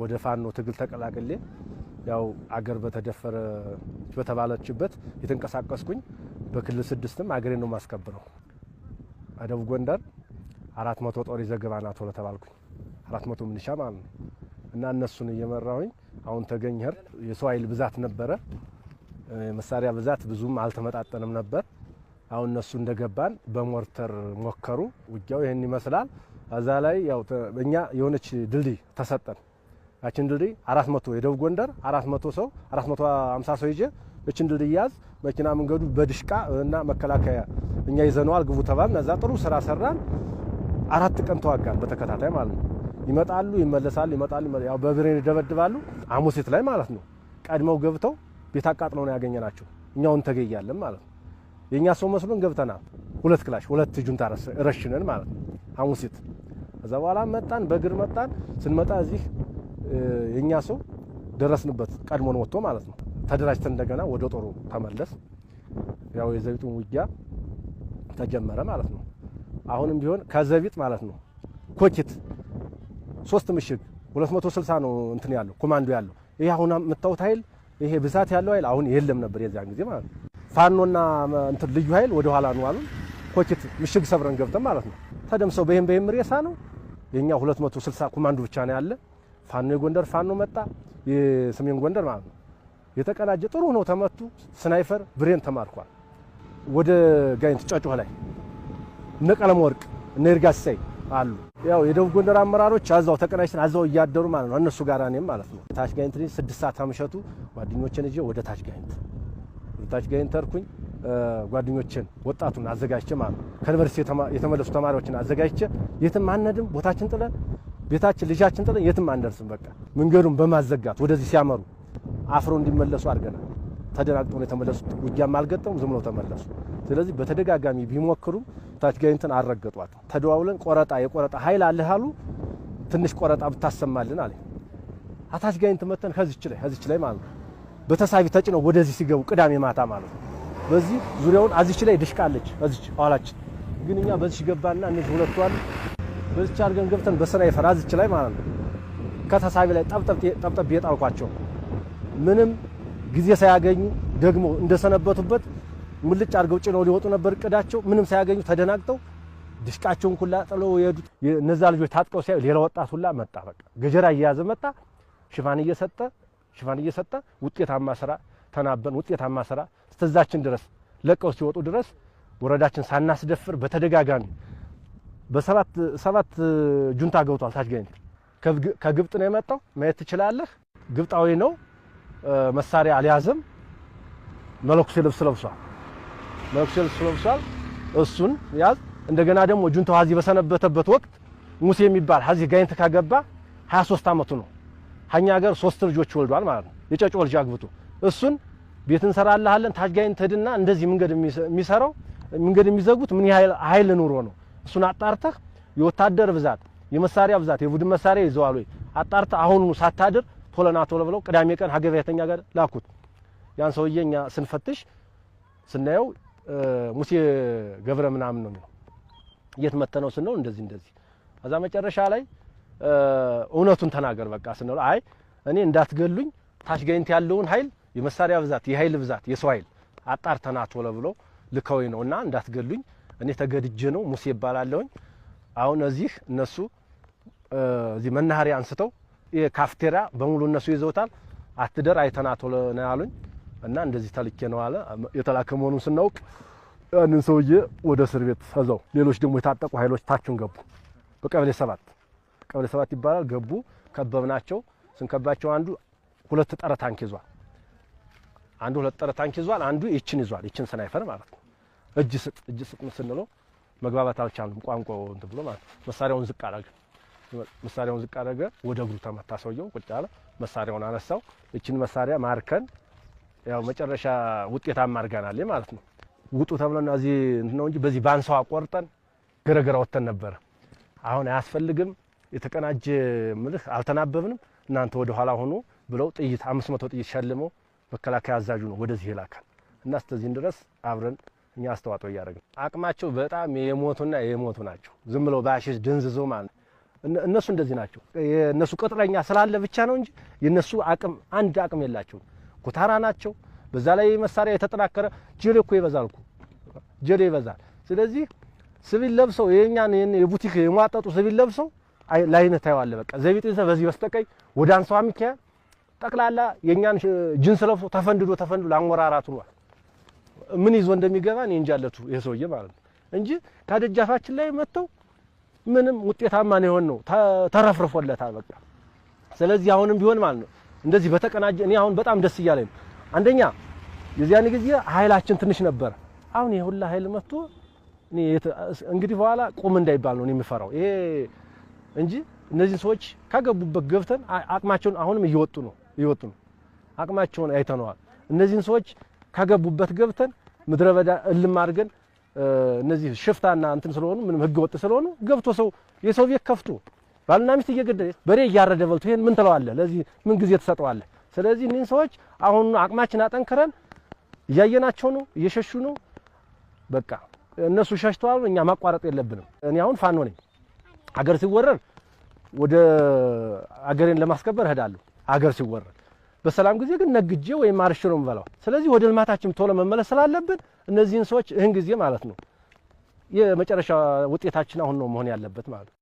ወደ ፋኖ ትግል ተቀላቅሌ ያው አገር በተደፈረ በተባለችበት የተንቀሳቀስኩኝ በክልል ስድስትም አገሬ ነው የማስከብረው። ደቡብ ጎንደር አራት መቶ ጦር ይዘግባ ናቶ ለተባልኩኝ አራት መቶ ምንሻ ማለት ነው እና እነሱን እየመራሁኝ አሁን ተገኘር የሰው ኃይል ብዛት ነበረ፣ መሳሪያ ብዛት ብዙም አልተመጣጠንም ነበር። አሁን እነሱ እንደገባን በሞርተር ሞከሩ። ውጊያው ይህን ይመስላል። እዛ ላይ ያው እኛ የሆነች ድልድይ ተሰጠን። ያችን ድልድይ 400 የደቡብ ጎንደር 400 ሰው 450 ሰው ይዤ እችን ድልድይ ያዝ መኪና መንገዱ በድሽቃ እና መከላከያ እኛ ይዘነዋል ግቡ ተባል እዛ ጥሩ ስራ ሰራን። አራት ቀን ተዋጋን በተከታታይ ማለት ነው። ይመጣሉ፣ ይመለሳሉ፣ ይመጣሉ፣ ያው በብሬን ይደበድባሉ። አሙሴት ላይ ማለት ነው ቀድመው ገብተው ቤት አቃጥለው ነው ያገኘናቸው። እኛውን ተገያለን ማለት ነው። የእኛ ሰው መስሎን ገብተናል። ሁለት ክላሽ ሁለት ጁንታ ረሽነን ማለት ነው አሙሴት እዛ በኋላ መጣን፣ በእግር መጣን። ስንመጣ እዚህ የእኛ ሰው ደረስንበት ቀድሞን ወጥቶ ማለት ነው። ተደራጅተን እንደገና ወደ ጦሩ ተመለስ። ያው የዘቢጡን ውጊያ ተጀመረ ማለት ነው። አሁንም ቢሆን ከዘቢጥ ማለት ነው ኮኪት ሶስት ምሽግ 260 ነው እንትን ያለው ኮማንዶ ያለው ይሄ አሁን የምታዩት ኃይል ይሄ ብዛት ያለው ኃይል አሁን የለም ነበር የዚያን ጊዜ ማለት ነው። ፋኖና እንትን ልዩ ኃይል ወደ ኋላ ነው አሉ። ኮኪት ምሽግ ሰብረን ገብተን ማለት ነው ተደምሰው በይህም በይህም ሬሳ ነው የኛ 260 ኮማንዶ ብቻ ነው ያለ ፋኖ የጎንደር ፋኖ መጣ፣ የሰሜን ጎንደር ማለት ነው። የተቀናጀ ጥሩ ሆነው ተመቱ። ስናይፈር ብሬን ተማርኳል። ወደ ጋይንት ጨጮህ ላይ እነ ቀለም ወርቅ እነ ይርጋ አሉ። ያው የደቡብ ጎንደር አመራሮች አዛው ተቀናጅተን አዛው እያደሩ ማለት ነው። እነሱ ጋር እኔም ማለት ነው ታች ጋይንት ላይ ስድስት ሰዓት አመሸቱ ጓደኞችን ይዤ ወደ ታች ጋይንት ወደ ታች ጋይንት ተርኩኝ። ጓደኞችን ወጣቱን አዘጋጅቼ ማለት ነው ከዩኒቨርሲቲ የተመለሱ ተማሪዎችን አዘጋጅቼ የትም አንሄድም ቦታችን ጥለን ቤታችን ልጃችን ጥለን የትም አንደርስም። በቃ መንገዱን በማዘጋት ወደዚህ ሲያመሩ አፍሮ እንዲመለሱ አድርገናል። ተደናግጦ ነው የተመለሱት። ውጊያም አልገጠሙ ዝም ብለው ተመለሱ። ስለዚህ በተደጋጋሚ ቢሞክሩም ታች ጋይንትን አልረገጧት። ተደዋውለን ቆረጣ የቆረጣ ኃይል አለህ አሉ። ትንሽ ቆረጣ ብታሰማልን አለ አታች ጋይንት መተን ከዚች ላይ ከዚች ላይ ማለት ነው በተሳቢ ተጭነው ወደዚህ ሲገቡ ቅዳሜ ማታ ማለት ነው። በዚህ ዙሪያውን አዚች ላይ ድሽቃለች። አዚች ኋላችን ግን እኛ በዚህ ገባና እነዚህ ሁለቱ አሉ በዚች አድርገን ገብተን በስራ ይፈራ ዝች ላይ ማለት ነው። ከተሳቢ ላይ ጠብጠብ የጣልኳቸው ምንም ጊዜ ሳያገኙ ደግሞ እንደሰነበቱበት ሙልጭ አድርገው ጭነው ሊወጡ ነበር እቅዳቸው። ምንም ሳያገኙ ተደናግጠው ድሽቃቸውን ሁላ ጥለው የሄዱት እነዛ ልጆች ታጥቀው ሲያዩ ሌላ ወጣት ሁላ መጣ። በቃ ገጀራ እየያዘ መጣ። ሽፋን እየሰጠ ሽፋን እየሰጠ ውጤታማ ስራ ተናበን ውጤታማ ስራ እስተዛችን ድረስ ለቀው ሲወጡ ድረስ ወረዳችን ሳናስደፍር በተደጋጋሚ በሰባት ሰባት ጁንታ ገብቷል። ታች ገኝት ከግብጥ ነው የመጣው። ማየት ትችላለህ። ግብጣዊ ነው። መሳሪያ አልያዘም። መለኩሴ ልብስ ለብሷል። መለኩሴ ልብስ ለብሷል። እሱን ያዝ። እንደገና ደግሞ ጁንታው ሀዚ በሰነበተበት ወቅት ሙሴ የሚባል ሀዚ ጋይንት ካገባ 23 ዓመቱ ነው። ሀኛ ሀገር ሶስት ልጆች ወልዷል ማለት ነው። የጨጮ ልጅ አግብቶ እሱን ቤት እንሰራላለን ታች ጋይንት ሂድና እንደዚህ መንገድ የሚሰራው መንገድ የሚዘጉት ምን ያህል ኃይል ኑሮ ነው እሱን አጣርተህ የወታደር ብዛት፣ የመሳሪያ ብዛት፣ የቡድን መሳሪያ ይዘዋል ወይ አጣርተህ አሁኑ ሳታድር ቶለና ቶሎ ብለው ቅዳሜ ቀን ሀገበያተኛ ጋር ላኩት። ያን ሰውዬ እኛ ስንፈትሽ ስናየው ሙሴ ገብረ ምናምን ነው የት መተነው ስንለው እንደዚህ እንደዚህ። ከዛ መጨረሻ ላይ እውነቱን ተናገር በቃ ስንለው አይ እኔ እንዳትገሉኝ ታችጋይንት ያለውን ኃይል የመሳሪያ ብዛት፣ የኃይል ብዛት፣ የሰው ኃይል አጣርተና ቶሎ ብሎ ልከወይ ነውና እንዳትገሉኝ እኔ ተገድጄ ነው ሙሴ ይባላለሁኝ። አሁን እዚህ እነሱ እዚህ መናኸሪያ አንስተው የካፍቴሪያ በሙሉ እነሱ ይዘውታል። አትደር አይተናቶ ነው ያሉኝ እና እንደዚህ ተልኬ ነው አለ። የተላከ መሆኑን ስናውቅ ያንን ሰውዬ ወደ እስር ቤት ሌሎች ደግሞ የታጠቁ ኃይሎች ታችን ገቡ። በቀበሌ ሰባት ቀበሌ ሰባት ይባላል ገቡ። ከበብናቸው። ስንከባቸው አንዱ ሁለት ጠረ ታንክ ይዟል፣ አንዱ ሁለት ጠረ ታንክ ይዟል፣ አንዱ ይችን ይዟል፣ ይችን ስናይፈር ማለት ነው እጅ ስጥ እጅ ስጡን ስንለው መግባባት አልቻለም። ቋንቋው እንትን ብሎ ማለት መሳሪያውን ዝቅ አደረገ። መሳሪያውን ዝቅ አደረገ። ወደ እግሩ ተመታ። ሰውየው ቁጭ አለ። መሳሪያውን አነሳው። እችን መሳሪያ ማርከን ያው መጨረሻ ውጤታማ አድርገናል ማለት ነው። ውጡ ተብለና እዚህ እንትን ነው እንጂ በዚህ ባንሳው አቆርጠን ገረገራ ወጥተን ነበረ። አሁን አያስፈልግም። የተቀናጀ ምልህ አልተናበብንም። እናንተ ወደ ኋላ ሆኑ ብለው ጥይት አምስት መቶ ጥይት ሸልመው መከላከያ አዛዡ ነው ወደዚህ ይላካል እና እስከዚህን ድረስ አብረን እኛ አስተዋጽኦ እያደረግን አቅማቸው በጣም የሞቱና የሞቱ ናቸው። ዝም ብለው በአሽሽ ድንዝዞ ማለት እነሱ እንደዚህ ናቸው። የእነሱ ቅጥረኛ ስላለ ብቻ ነው እንጂ የእነሱ አቅም አንድ አቅም የላቸውም። ኩታራ ናቸው። በዛ ላይ መሳሪያ የተጠናከረ ጀሌ እኮ ይበዛል እኮ ጀሌ ይበዛል። ስለዚህ ሲቪል ለብሰው የእኛን የቡቲክ የሟጠጡ ሲቪል ለብሰው ላይነ ታየዋለ በቃ ዘቢጥ ይዘ በዚህ በስተቀኝ ወደ አንሰዋ ሚካኤል ጠቅላላ የእኛን ጅንስ ለብሶ ተፈንድዶ ተፈንድዶ ለአንጎራራቱ ነው። ምን ይዞ እንደሚገባ እኔ እንጃ ይሄ ሰውዬ ማለት ነው እንጂ ከደጃፋችን ላይ መጥተው ምንም ውጤታማ ነው የሆነው ተረፍርፎለታል። በቃ ስለዚህ አሁንም ቢሆን ማለት ነው እንደዚህ በተቀናጀ እኔ አሁን በጣም ደስ እያለኝ ነው። አንደኛ የዚያን ጊዜ ኃይላችን ትንሽ ነበር አሁን የሁላ ኃይል መጥቶ እኔ እንግዲህ በኋላ ቁም እንዳይባል ነው የሚፈራው ይሄ እንጂ እነዚህ ሰዎች ካገቡበት ገብተን አቅማቸውን አሁንም እየወጡ ነው እየወጡ ነው አቅማቸውን አይተነዋል። እነዚህን ሰዎች ከገቡበት ገብተን ምድረ በዳ እልም አድርገን እነዚህ ሽፍታና እንትን ስለሆኑ ምንም ህገ ወጥ ስለሆኑ ገብቶ ሰው የሰው ቤት ከፍቶ ባልና ሚስት እየገደለ በሬ እያረደ በልቶ ይሄን ምን ትለዋለህ? ለዚህ ምን ጊዜ ትሰጠዋለህ? ስለዚህ እኒህን ሰዎች አሁን አቅማችን አጠንክረን እያየናቸው ነው፣ እየሸሹ ነው። በቃ እነሱ ሸሽተዋል፣ እኛ ማቋረጥ የለብንም። እኔ አሁን ፋኖ ነኝ። አገር ሲወረር ወደ አገሬን ለማስከበር እሄዳለሁ። አገር ሲወረር በሰላም ጊዜ ግን ነግጄ ወይም አርሽ ነው የምበላው። ስለዚህ ወደ ልማታችን ቶሎ መመለስ ስላለብን እነዚህን ሰዎች ይህን ጊዜ ማለት ነው የመጨረሻ ውጤታችን አሁን ነው መሆን ያለበት ማለት ነው።